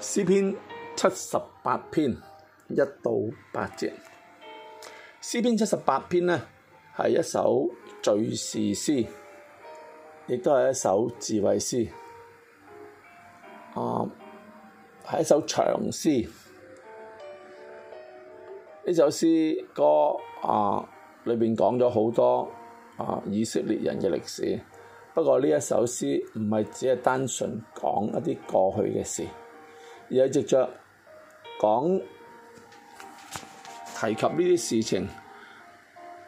詩篇七十八篇一到八節。詩篇七十八篇呢，係一首敘事詩，亦都係一首智慧詩。啊，係一首長詩。呢首詩歌啊，裏面講咗好多啊以色列人嘅歷史。不過呢一首詩唔係只係單純講一啲過去嘅事，而係藉著講提及呢啲事情，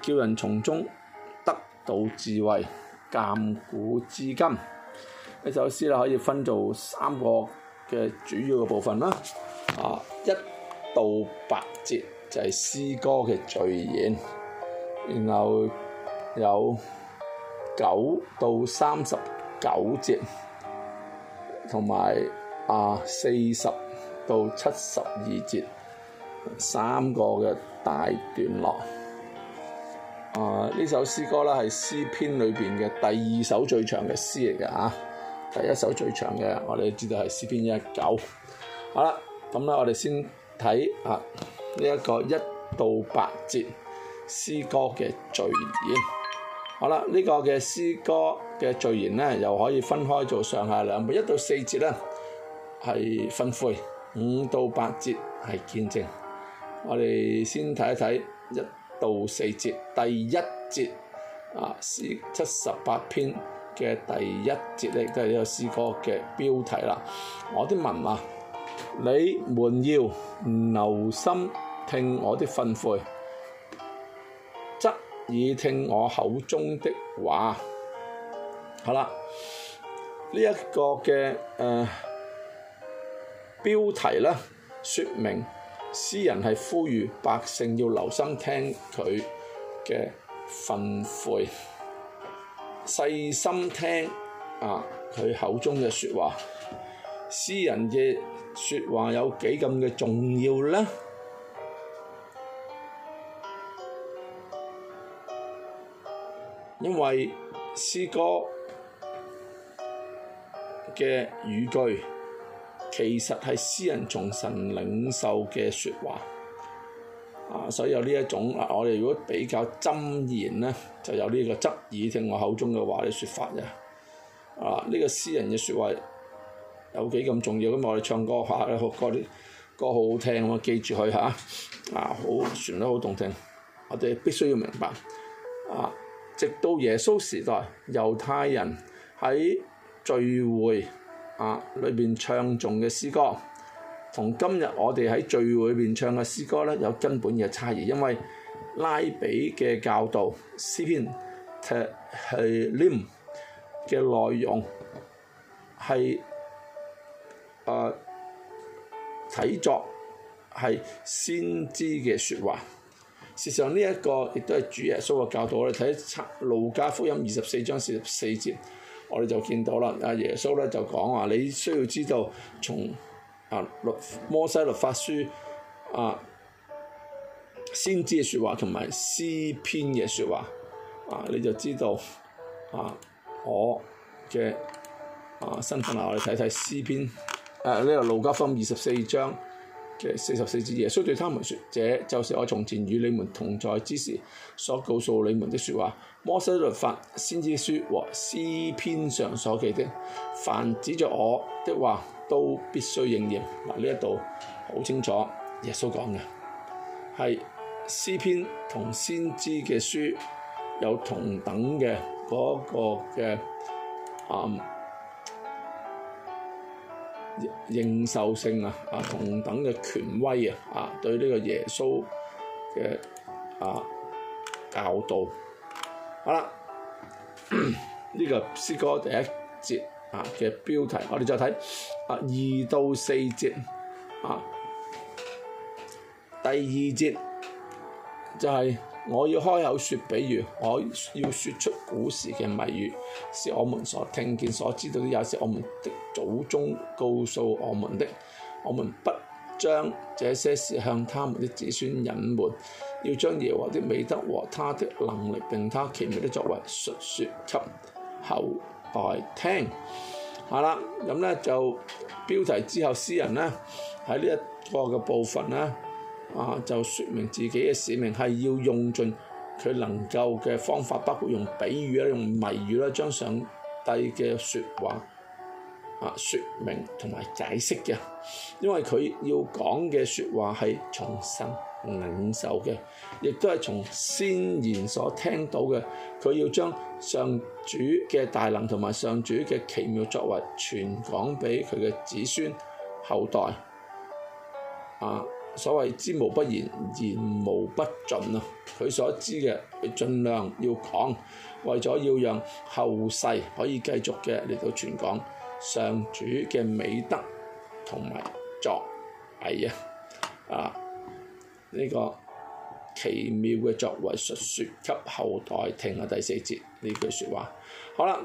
叫人從中得到智慧、鑑古至今。呢首詩可以分做三個嘅主要嘅部分啦。一到八節就係詩歌嘅序言，然後有九到三十九節，同埋。啊，四十到七十二節，三個嘅大段落。啊，首詩呢首詩歌咧係詩篇裏邊嘅第二首最長嘅詩嚟嘅啊，第一首最長嘅我哋知道係詩篇一一九。好啦，咁、嗯、咧我哋先睇啊呢一、這個一到八節詩歌嘅序言。好啦，呢、這個嘅詩歌嘅序言咧又可以分開做上下兩部，一到四節咧。係訓誨，五到八節係見證。我哋先睇一睇一到四節，第一節啊，詩七十八篇嘅第一節咧，都係呢個詩歌嘅標題啦。我啲民啊，你們要留心聽我啲訓誨，側耳聽我口中的話。好啦，呢、這、一個嘅誒。呃標題呢說明，詩人係呼籲百姓要留心聽佢嘅訓誨，細心聽啊佢口中嘅說話。詩人嘅說話有幾咁嘅重要呢？因為詩歌嘅語句。其實係詩人從神領受嘅説話，啊，所以有呢一種啊，我哋如果比較箴言咧，就有呢、這個側耳聽我口中嘅話嘅説法嘅啊，呢、這個詩人嘅説話有幾咁重要？咁我哋唱歌下咧，好歌啲歌好好聽我記住佢嚇，啊，好旋律好，聽、啊、好動聽，我哋必須要明白，啊，直到耶穌時代，猶太人喺聚會。啊！裏邊唱誦嘅詩歌，同今日我哋喺聚會裏邊唱嘅詩歌咧，有根本嘅差異，因為拉比嘅教導詩篇，係係念嘅內容係啊、呃、睇作係先知嘅説話。事實上呢一個亦都係主耶穌嘅教導。我哋睇拆路加福音二十四章四十四節。我哋就見到啦，阿耶穌咧就講話，你需要知道從啊律摩西律法書啊先知嘅説話同埋詩篇嘅説話，啊你就知道啊我嘅、啊、身份啦，我哋睇睇詩篇，誒呢度路加福音二十四章，嘅四十四節，耶穌對他們說：這就是我從前與你們同在之時所告訴你們的說話。摩西律法、先知書和詩篇上所記的，凡指着我的話，都必須應驗。嗱、啊，呢一度好清楚，耶穌講嘅係詩篇同先知嘅書有同等嘅嗰個嘅啊。嗯認受性啊啊，同等嘅權威啊啊，對呢個耶穌嘅啊教導，好啦，呢、 這個詩歌第一節啊嘅標題，我哋再睇啊二到四節啊，第二節。就係我要開口說比，比如我要説出古時嘅謎語，是我們所聽見、所知道的，也是我們的祖宗告訴我們的。我們不將這些事向他們的子孫隱瞞，要將耶和華的美德和他的能力並他奇妙的作為述説給後代聽。好、嗯、啦，咁呢就標題之後，詩人呢喺呢一個嘅部分呢。啊！就説明自己嘅使命係要用盡佢能夠嘅方法，包括用比喻啦、用謎語啦，將上帝嘅説話啊説明同埋解釋嘅。因為佢要講嘅説話係重新領受嘅，亦都係從先賢所聽到嘅。佢要將上主嘅大能同埋上主嘅奇妙作為傳講俾佢嘅子孫後代啊！所謂知無不言，言無不盡啊！佢所知嘅，佢盡量要講，為咗要讓後世可以繼續嘅嚟到傳講上主嘅美德同埋作為啊！啊，呢個奇妙嘅作為述説給後代聽啊！第四節呢句説話，好啦，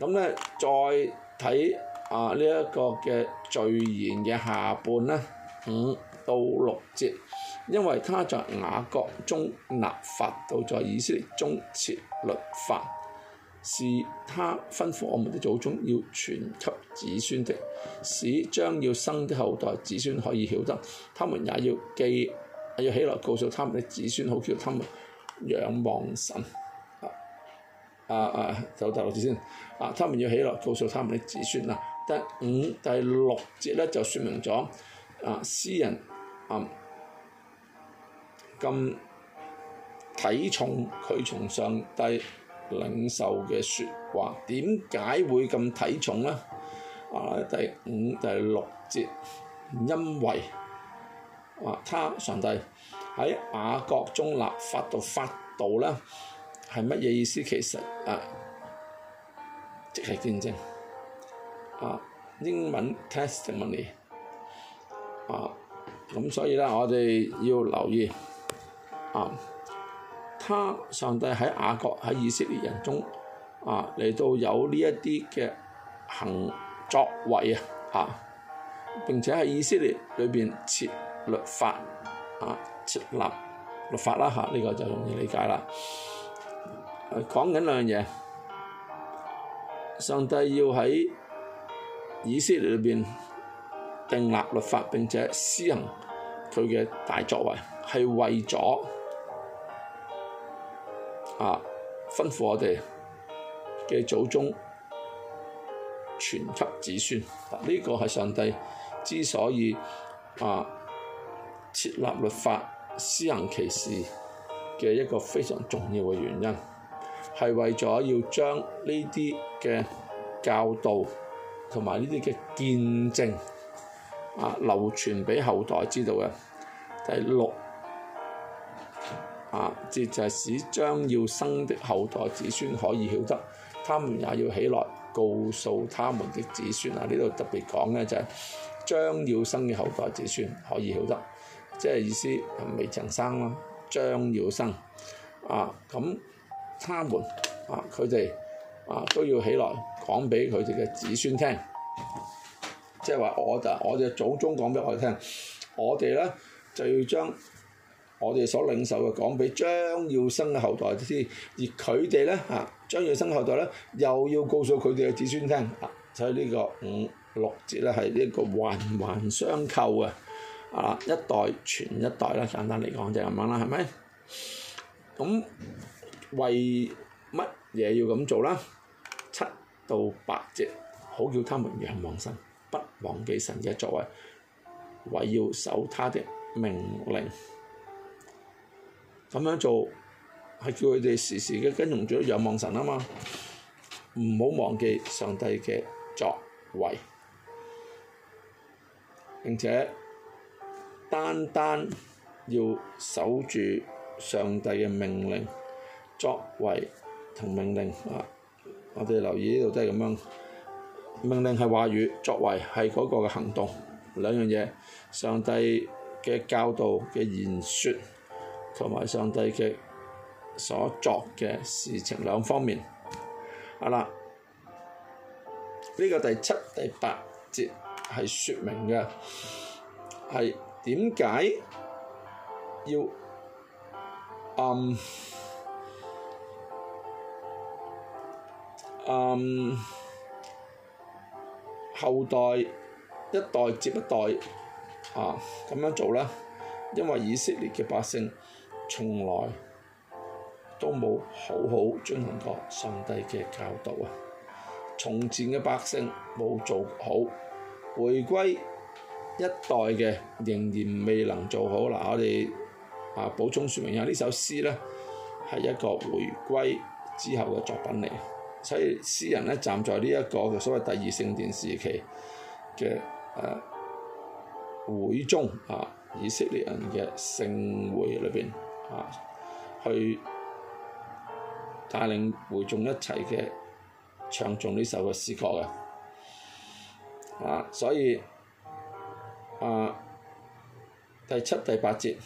咁咧再睇啊呢一個嘅序言嘅下半啦。五、嗯。到六節，因為他在雅各中立法，到在以色列中設律法，是他吩咐我們的祖宗要傳給子孫的，使將要生的後代子孫可以曉得，他們也要記，要起來告訴他們的子孫，好叫他們仰望神。啊啊，就第六節先，啊，他們要起來告訴他們的子孫嗱，第五、第六節咧就説明咗啊，詩人。咁、嗯、睇重佢從上帝領受嘅説話，點解會咁睇重呢？啊，第五、第六節，因為啊，他上帝喺雅各中立法度法度咧，係乜嘢意思？其實啊，即係見證啊，英文 testimony 啊。咁所以咧，我哋要留意啊，他上帝喺雅各喺以色列人中啊嚟到有呢一啲嘅行作為啊啊，並且喺以色列裏邊設律法啊設立律法啦嚇，呢、啊這個就容易理解啦。講緊兩樣嘢，上帝要喺以色列裏邊。定立律法並且施行佢嘅大作為，係為咗啊吩咐我哋嘅祖宗傳給子孫。嗱，呢個係上帝之所以啊設立律法施行奇事嘅一個非常重要嘅原因，係為咗要將呢啲嘅教導同埋呢啲嘅見證。啊，流傳俾後代知道嘅。第六，啊，即就係使將要生的後代子孫可以曉得，他們也要起來告訴他們的子孫啊！呢度特別講嘅就係將要生嘅後代子孫可以曉得，即係意思未曾生咯。將要生，啊，咁、啊、他們啊，佢哋啊，啊都要起來講俾佢哋嘅子孫聽。即係話，我就我哋祖宗講俾我哋聽，我哋咧就要將我哋所領受嘅講俾將要生嘅後代先，而佢哋咧嚇將要生嘅後代咧又要告訴佢哋嘅子孫聽，所以呢個五六節咧係一個環環相扣嘅，啊，一代傳一代啦，簡單嚟講就係咁樣啦，係咪？咁為乜嘢要咁做啦？七到八節，好叫他們仰望神。忘記神嘅作為，唯要守他的命令，咁樣做係叫佢哋時時嘅跟從住仰望神啊嘛！唔好忘記上帝嘅作為，並且單單要守住上帝嘅命令，作為同命令啊！我哋留意呢度都係咁樣。命令係話語，作為係嗰個嘅行動，兩樣嘢。上帝嘅教導嘅言説，同埋上帝嘅所作嘅事情兩方面。好、嗯、啦，呢、呢個第七、第八節係説明嘅，係點解要、嗯嗯後代一代接一代啊，咁樣做啦，因為以色列嘅百姓從來都冇好好進行過上帝嘅教導啊，從前嘅百姓冇做好，回歸一代嘅仍然未能做好。嗱，我哋啊，補充説明下，呢首詩咧係一個回歸之後嘅作品嚟。.所以詩人咧站在呢一個嘅所謂第二聖殿時期嘅誒、啊、會中，啊，以色列人嘅聖會裏邊啊，去帶領會眾一齊嘅唱頌呢首嘅詩歌嘅啊，所以啊第七第八節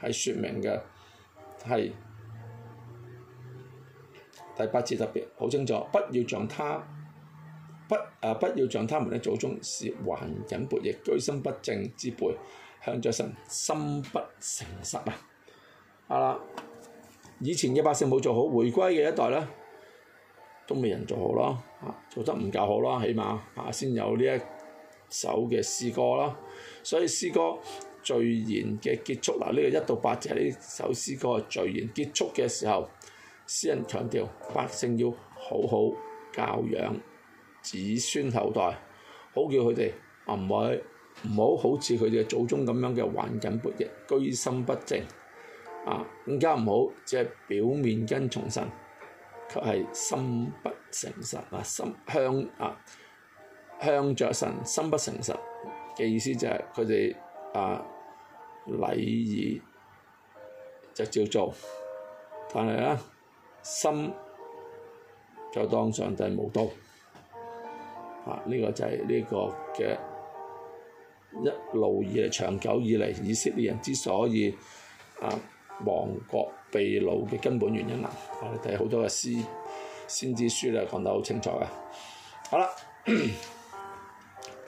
係説明嘅係。第八節特別好清楚，不要像他不啊，不要像他們嘅祖宗是頑梗悖逆居心不正之輩，向着神心不誠實啊！啊啦，以前嘅百姓冇做好，回歸嘅一代咧都冇人做好咯，嚇、啊、做得唔夠好咯，起碼嚇、啊、先有呢一首嘅詩歌啦。所以詩歌序言嘅結束啦，呢、啊這個一到八節係呢首詩歌序言結束嘅時候。詩人強調，百姓要好好教養子孫後代，好叫佢哋啊唔好唔好好似佢哋嘅祖宗咁樣嘅橫行跋扈、居心不正。啊，更加唔好只係表面跟從神，卻係心不誠實啊！心向啊，向着神心不誠實嘅意思就係佢哋啊禮儀就照做，但係咧。心就當上帝無刀。啊！呢、這個就係呢個嘅一路以嚟、長久以嚟，以色列人之所以啊亡國被擄嘅根本原因啦。我哋睇好多嘅詩先知書咧，講得好清楚嘅。好啦，呢、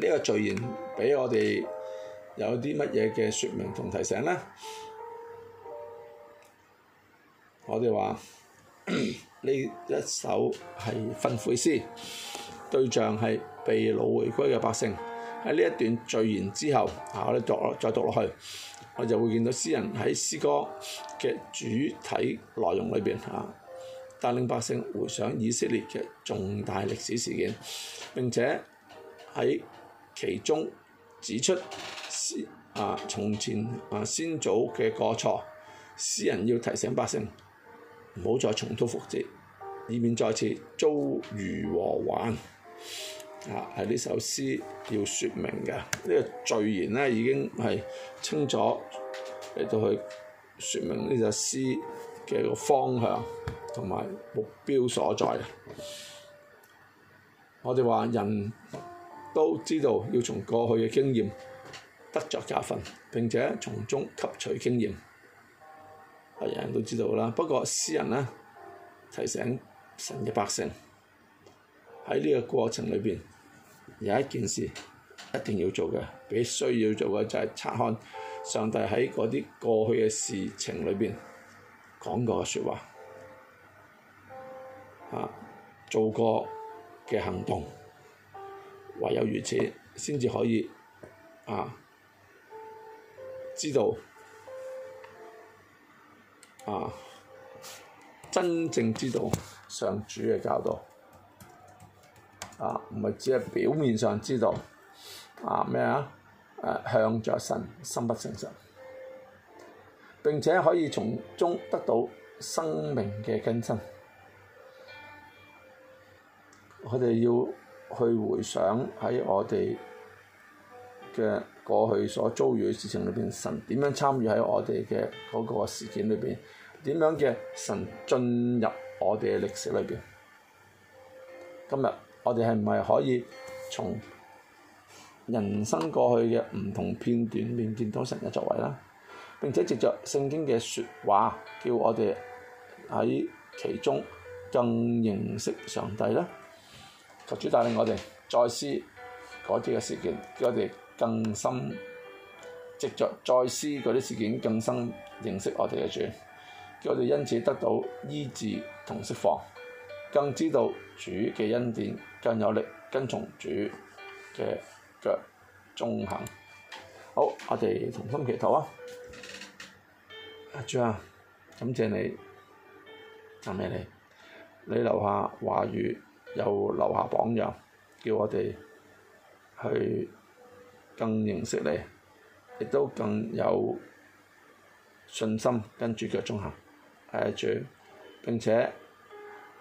這個序言俾我哋有啲乜嘢嘅説明同提醒咧？我哋話。呢 一首係訓誨詩，對象係被擄回歸嘅百姓。喺呢一段序言之後，啊，我哋讀再讀落去，我就會見到詩人喺詩歌嘅主題內容裏邊，嚇、啊、帶領百姓回想以色列嘅重大歷史事件，並且喺其中指出啊從前啊先祖嘅過錯。詩人要提醒百姓。唔好再重蹈覆轍，以免再次遭遇禍患。啊，係呢首詩要説明嘅呢，這個序言咧，已經係清楚嚟到去説明呢首詩嘅個方向同埋目標所在。我哋話人都知道要從過去嘅經驗得著教訓，並且從中吸取經驗。係人人都知道啦，不過詩人呢提醒神嘅百姓喺呢個過程裏邊有一件事一定要做嘅，必須要做嘅就係察看上帝喺嗰啲過去嘅事情裏邊講過嘅説話，啊，做過嘅行動，唯有如此先至可以啊知道。啊！真正知道上主嘅教導，啊，唔係只係表面上知道，啊咩啊？向着神，心不誠實，並且可以從中得到生命嘅更新。我哋要去回想喺我哋嘅過去所遭遇嘅事情裏邊，神點樣參與喺我哋嘅嗰個事件裏邊？點樣嘅神進入我哋嘅歷史裏邊？今日我哋係唔係可以從人生過去嘅唔同片段面見到神嘅作為啦？並且借着聖經嘅說話，叫我哋喺其中更認識上帝啦。求主帶領我哋再思嗰啲嘅事件，叫我哋。更深藉着再思嗰啲事件，更深認識我哋嘅主，叫我哋因此得到醫治同釋放，更知道主嘅恩典，更有力跟從主嘅腳蹤行。好，我哋同心祈禱啊！阿主啊，感謝你，讚美你，你留下話語，又留下榜樣，叫我哋去。更認識你，亦都更有信心跟住腳蹤行。誒並且、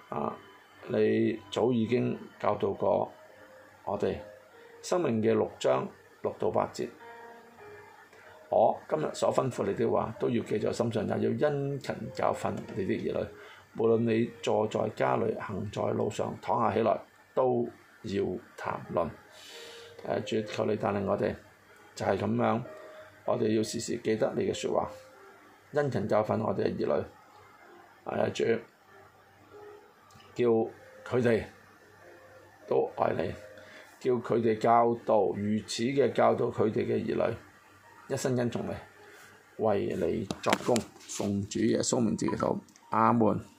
啊、你早已經教導過我哋申命記嘅六章六到八節。我今日所吩咐你的話都要記在心上，也要殷勤教訓你的兒女。無論你坐在家裏，行在路上，躺下起來，都要談論。啊、主求你帶領我哋，就係、是、咁樣，我哋要時時記得你嘅説話，殷勤教訓我哋嘅兒女，啊、主叫佢哋都愛你，叫佢哋教導，如此嘅教導佢哋嘅兒女，一生跟從你，為你作工，奉主耶穌名字祈禱，阿門。